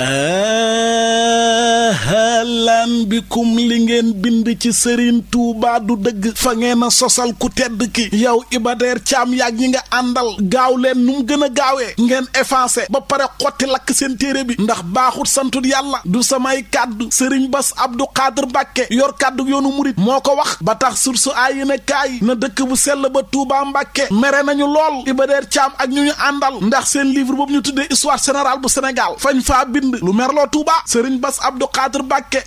Uh laan bikum li ngeen bind ci sëriñ Tuubaa du dëgg fa ngeen a sosal ku tedd ki yow Ibadeer Caam yaag ñi nga àndal gaaw leen nu mu gën a gaawee ngeen effacé ba pare xotti lakk seen téere bi ndax baaxut santul yàlla du samay kàddu sëriñ Bass Abdou Khadre Mbàkke yor kàddu yoonu murit moo ko wax ba tax sursu aay yéen a kaay na dëkk bu sell ba Tuubaa Mbàkke mere nañu lool Ibadeer Caam ak ñu ñu àndal ndax seen livre boobu ñu tuddee histoire générale bu Sénégal fañ faa bind lu merloo Tuubaa sëriñ Bass Abdou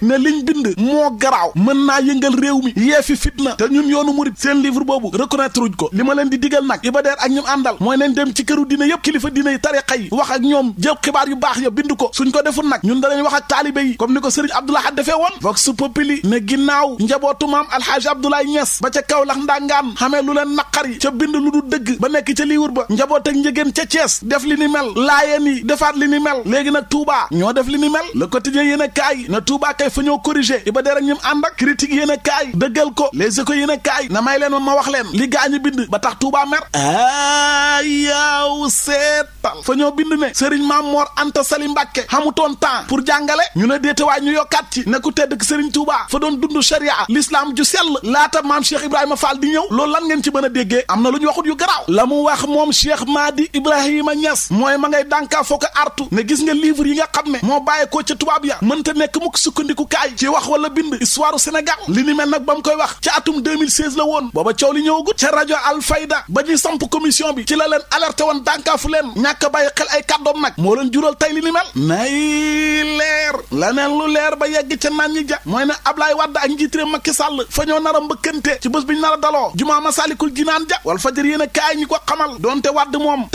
ne liñ bind moo garaaw mën naa yëngal réew mi yee fi fitna te ñun yoonu murit seen livre boobu reconnaître wuñ ko li ma leen di digal nag ibadeer ak ñum àndal mooy nañ dem ci këru diine yëpp kilifa diine yi tariqa yi wax ak ñoom jël xibaar yu baax ya bind ko suñ ko deful nag ñun danañ wax ak taalibe yi comme ni ko sëriñ Abdoulaye Hadj defee woon vox populi ne ginnaaw njabootu maam alxaaji Abdoulaye Niass ba ca Kaolack ndangaan xamee lu leen naqari ca bind lu du dëgg ba nekk ca liiwur ba njaboot ak njëgéen ca Thiès def li ni mel laayeen yi defaat li ni mel léegi nag Touba ñoo def li ni mel le quotidien yéen a na Touba kay fa ñoo corrigé Iba Der ak ñim ànd ak critique yéen a kaay dëggal ko les échos yéen a kaay na may leen ma ma wax leen li gaañu bind ba tax Touba mer ayaw seetal fa ñoo bind ne Serigne Mame Mor Anta Sali Mbàkke toon temps pour jàngale ñu ne déetewaay ñu yokkaat ci ne ku tedd ak Serigne Touba fa doon dund charia l'islam ju sell laata maam Cheikh Ibrahima Fall di ñëw loolu lan ngeen ci mën a déggee am na lu ñu waxut yu garaaw la mu wax moom Cheikh Madi Ibrahima Niass mooy ma ngay dànkaa foo ko artu gis nga livre yi nga xam ne moo bàyyeekoo ca tubaab ya mënta nekk mukk sukkandiku sukkandiku kaay ci wax wala bind histoire Sénégal li ni mel nag ba koy wax ci atum la woon booba coow li ñëwagut ca rajo Alfayda ba ñuy samp commission bi ci la leen alerté woon dànkaafu leen ñàkk a bàyyi xel nag moo leen jural tey li ni mel nay leer la neen lu leer ba yegg ca naan ñi ja mooy ne Ablaye Wade ak njiit réew Macky Sall fa ñoo nar a ci bés bi ñu nar a daloo jumaa Masalikul Jinaan ja wal fajar yéen a kaay ñi ko xamal doonte Wade moom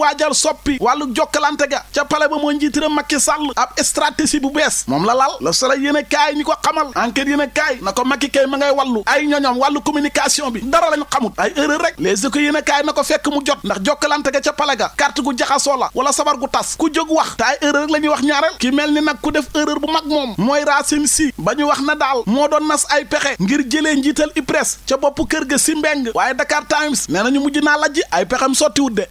a waajal soppi wàllu jokkalante ga ca pale ba moo njiitiram Macky Sall ab stratégie bu bees moom la lal la sala yéen a kaay ñi ko xamal enquête yéen a kaay na ko Macky kay ma ngay wàllu ay ñoñom wallu communication bi dara lañu xamut ay erreur rek les éco yéen a kaay na ko fekk mu jot ndax jokkalante ga ca pale ga carte gu jaxasoo la wala sabar gu tas ku jóg wax te ay erreur rek la ñuy wax ñaareel kii mel ni nag ku def erreur bu mag moom mooy Racine Sy ba ñu wax na daal moo doon nas ay pexe ngir jëlee njiital IPRES ca bopp kër ga si mbeng waaye Dakar Times nee nañu mujj naa lajji ay pexem sottiwut de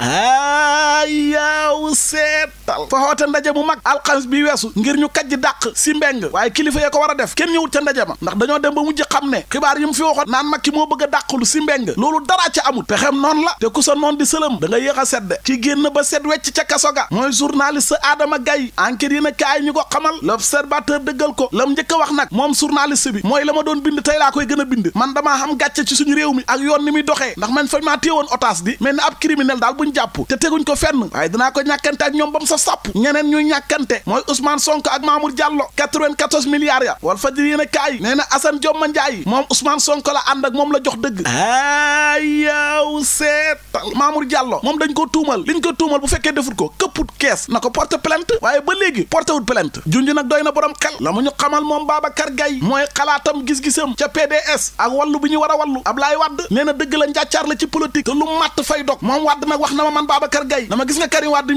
É o Set Sénégal fa xoote ndaje mu mag alxames bi weesu ngir ñu kajj dàq si mbeng waaye kilifa yee ko war a def kenn ñëwut ca ndaje ma ndax dañoo dem ba mujj xam ne xibaar yi mu fi waxoon naan Macky moo bëgg dàqulu si mbeng loolu dara ca amul pexem noonu la te ku sa noon di sëlëm da nga yéex a sedd ci génn ba set wecc ca kaso ga mooy journaliste Adama Gaye enquête yi na kaay ñu ko xamal l'observateur dëggal ko lam njëkk a wax nag moom journaliste bi mooy la ma doon bind tey laa koy gën a bind man damaa xam gàcce suñu réew ak yoon ni muy ndax man fañ maa téewoon otage di mel ni ab criminel daal buñ jàpp te ko fenn waaye dinaa ko ñàkkante ak ñoom ba mu saf sàpp ñeneen ñu ñàkkante mooy Ousmane Sonko ak Mamour Diallo 94 milliards ya wal fajri yéen a kaay nee na Assane Dioma Ndiaye moom Ousmane Sonko la ànd ak moom la jox dëgg ayaw seetal Mamour Diallo moom dañ ko tuumal liñ ko tuumal bu fekkee defut ko këpput kees na ko porte plainte waaye ba léegi porté wut plainte junj nag doy na borom xel la mu ñu xamal moom Babacar Gaye mooy xalaatam gis-gisam ca PDS ak wallu bi ñu war a wallu Ablaye Wade nee na dëgg la ci politique te lu na ma man Babacar Gaye dama gis nga Karim Wade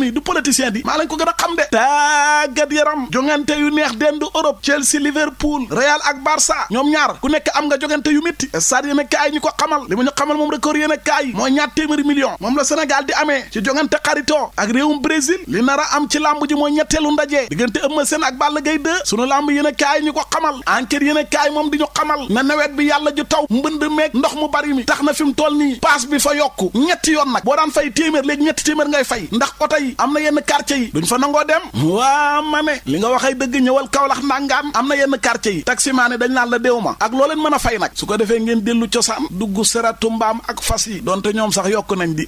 maa lañ ko gën a xam de tàggat yaram jongante yu neex dendu Europe Chelsea Liverpool Real ak Barça ñoom ñaar ku nekk am nga jogante yu métti stade yéen a kaay ñi ko xamal li mu ñu xamal moom record yéen a kaay mooy ñaar téeméeri million moom la Sénégal di amee ci jongante xaritoo ak réewum Brésil nar am ci làmb ji mooy ñetteelu ndaje diggante Eumeu Sène ak Balla Gaye 2 sunu làmb yéen a kaay ñi ko xamal enquête yéen a moom di ñu xamal na nawet bi yàlla ju taw mbënd meeg ndox mu bari mi tax na fi mu toll nii paas bi fa yokku ñetti yoon nag boo daan fay téeméer léegi ñetti téeméer ngay fay ndax oto am na yenn quartier yi duñ fa nangoo dem waa mame li nga waxay dëgg ñëwal Kaolack nangaam am na yenn quartier yi taximaane dañ naan la deew ma ak loo leen mën a fay nag su ko defee ngeen dellu cosaan dugg seratu mbaam ak fas yi donte ñoom sax yokk nañ di